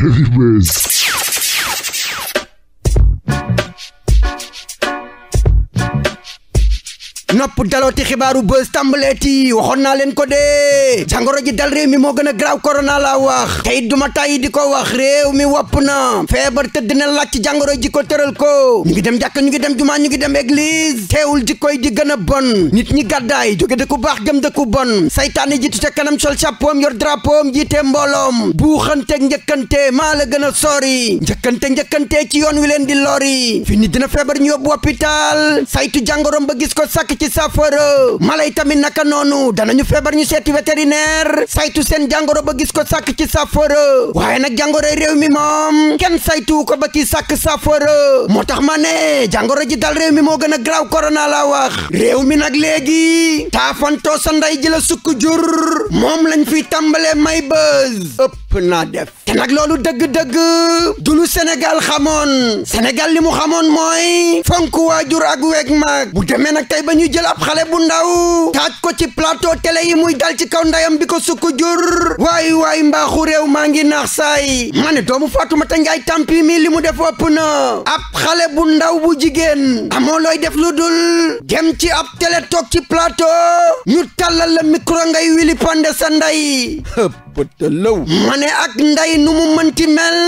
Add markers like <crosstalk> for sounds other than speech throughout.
Heavy Bass. nopp dalooti xibaaru bës tàmbaleeti waxoon naa leen ko dee jàngoro ji dal réew mi moo gën a graaw korona laa wax tey duma tàyyi di ko wax réew mi wopp na feebar tëdd na laaj ci jàngoro ji ko tëral ko ñu ngi dem jàkk ñu ngi dem jumaa ñu ngi dem église teewul ji koy di gën a bon nit ñi gàddaay jóge dëkku baax jëm dëkku bon saytaane jiitu ca kanam sol chapeau yor drapeau jiite mbooloom buuxanteeg njëkkante maa la gën a sori njëkkante njëkkante ci yoon wi leen di lori fi nit dina feebar ñu yóbbu hôpital saytu jàngoroom ba gis ko sàkk ci saafara mala yi tamit naka noonu danañu feebar ñu seeti vétérinaire saytu seen jàngoro ba gis ko sàkk ci saafara waaye nag jàngoro réew mi moom kenn saytu ko ba ci sàkk saafara moo tax ma ne jàngoro ji dal réew mi moo gën a graaw corona la wax réew mi nag léegi taafantoo sa ndey ji la sukk jur moom lañ fiy tàmbalee may buzz ñëpp naa def te nag loolu dëgg-dëgg du lu Sénégal xamoon Sénégal li mu xamoon mooy fonk waajur ak weeg maag bu demee nag tey ba ñuy jël ab xale bu ndaw taaj ko ci plateau télé yi muy dal ci kaw ndayam bi ko sukk jur waay waay mbaaxu réew maa ngi naax saay ma ne doomu Fatoumata Njaay tampi mi li mu def ëpp na ab xale bu ndaw bu jigéen amoo looy def lu dul dem ci ab télé toog ci plateau ñu tàllal la micro ngay wili pande sa nday pëtëlëw ma ne ak nday nu mu mënti mel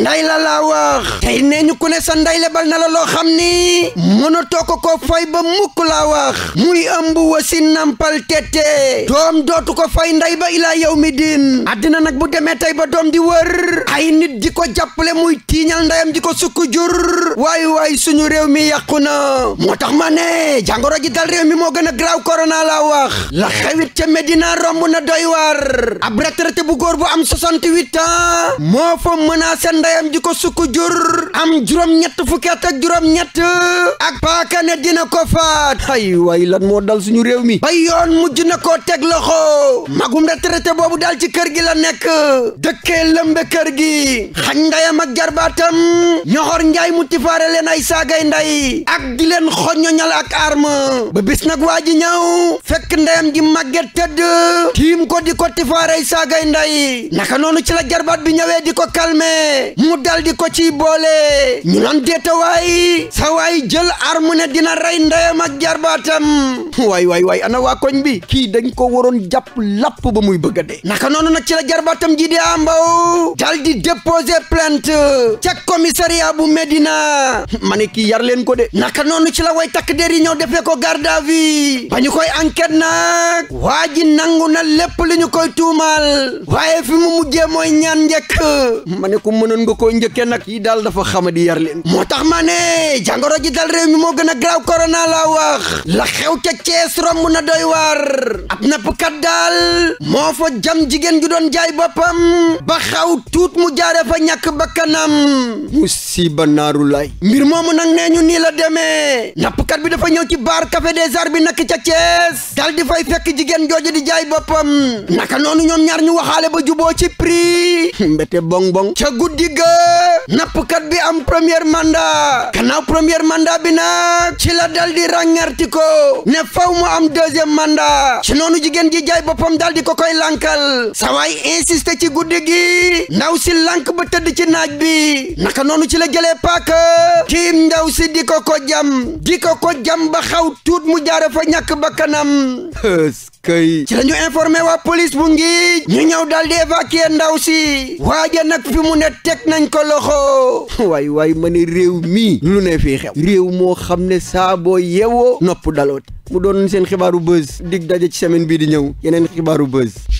nday la laa tey nee ñu ku ne sa nday lebal na la loo xam ni mënatoo ko ko fay ba mukk laa wax muy ëmb wasi nampal tete doom dootu ko fay nday ba ilaa yow mi diin addina nag bu demee tey ba doom di wër ay nit di ko jàppale muy tiiñal ndayam di ko sukk jur waay waay suñu réew mi yàqu na moo tax ma ne jàngoro ji dal réew mi moo gën a graaw korona laa la xewit ca Medina romb na doy waar ab liberté bu góor bu am 68 ans moo fa menacé ndeyam ji ko sukk jur am juróom-ñett fukki at ak juróom-ñett ak paaka dina ko faat ay lan moo dal suñu réew mi ba yoon mujj na ko teg loxo magum retraité boobu daal ci kër gi la nekk dëkkee lëmbe kër gi xañ ndeyam ak jarbaatam ñoxor njaay mu tifaare leen ay saagay nday ak di leen xoñoñal ak arme ba bis nag waa fekk ndeyam ji màgget tëdd tiim ko di ko tifaare ay saagay njaay nday naka noonu ci la jarbaat bi ñëwee di ko calmer mu dal di ko ciy boole ñu naan deetawaay sa waay jël arme ne dina rey ndeyam ak jarbaatam way way waay ana waa koñ bi kii dañ ko waroon jàpp lapp ba muy bëgg a dee naka noonu nag ci la jarbaatam ji di ambaw dal di déposer plainte ca commissariat bu Médina ma ne kii yar leen ko de naka noonu ci la way takk der yi ñëw defee ko garde à vue ba koy enquête nag waa nangu na lépp li koy tuumaal waaye fi mu mujjee mooy ñaan njëkk ma ne ko mënoon nga koo njëkkee nag yi daal dafa xamadi yar leen moo tax ma ne jàngoro ji dal réew mi moo gën a graw korona laa wax la xew ca Cees romb na doy waar ab nappkat daal moo fa jam jigéen ju doon jaay boppam ba xaw tuut mu jaare ba ñàkk bakkanam musiba naaru lay mbir moomu nag nee ñu nii la demee nappkat bi dafa ñëw ci baar café des arts bi nak ca Cees dal di fay fekk jigéen jooju di jaay boppam naka noonu xaale ba juboo ci prix <laughs> mbete bong bong ca guddi ga nappkat bi am premier mandat gannaaw première mandat bi nag ci la dal di ràngarti ko ne faw mu am deuxième mandat ci noonu jigéen ji jaay boppam dal di ko koy lankal sawaay insisté ci guddi ndaw si lank ba tëdd ci naaj bi naka noonu ci la jëlee paaka tiim ndaw si di ko ko jam di ko ko jam ba xaw tuut mu jaare fa ñàkk bakkanam ci la ñu informé waa police bu ngiij ñu ñëw daal di évacuer ndaw si waa waaja nag fi mu ne teg nañ ko loxo <laughs> waay waay ma ne réew mi lu ne fii xew réew moo xam ne saa boo yewoo nopp daloot mu doon seen xibaaru buzz dig daje ci semaine bii di ñëw yeneen xibaaru buzz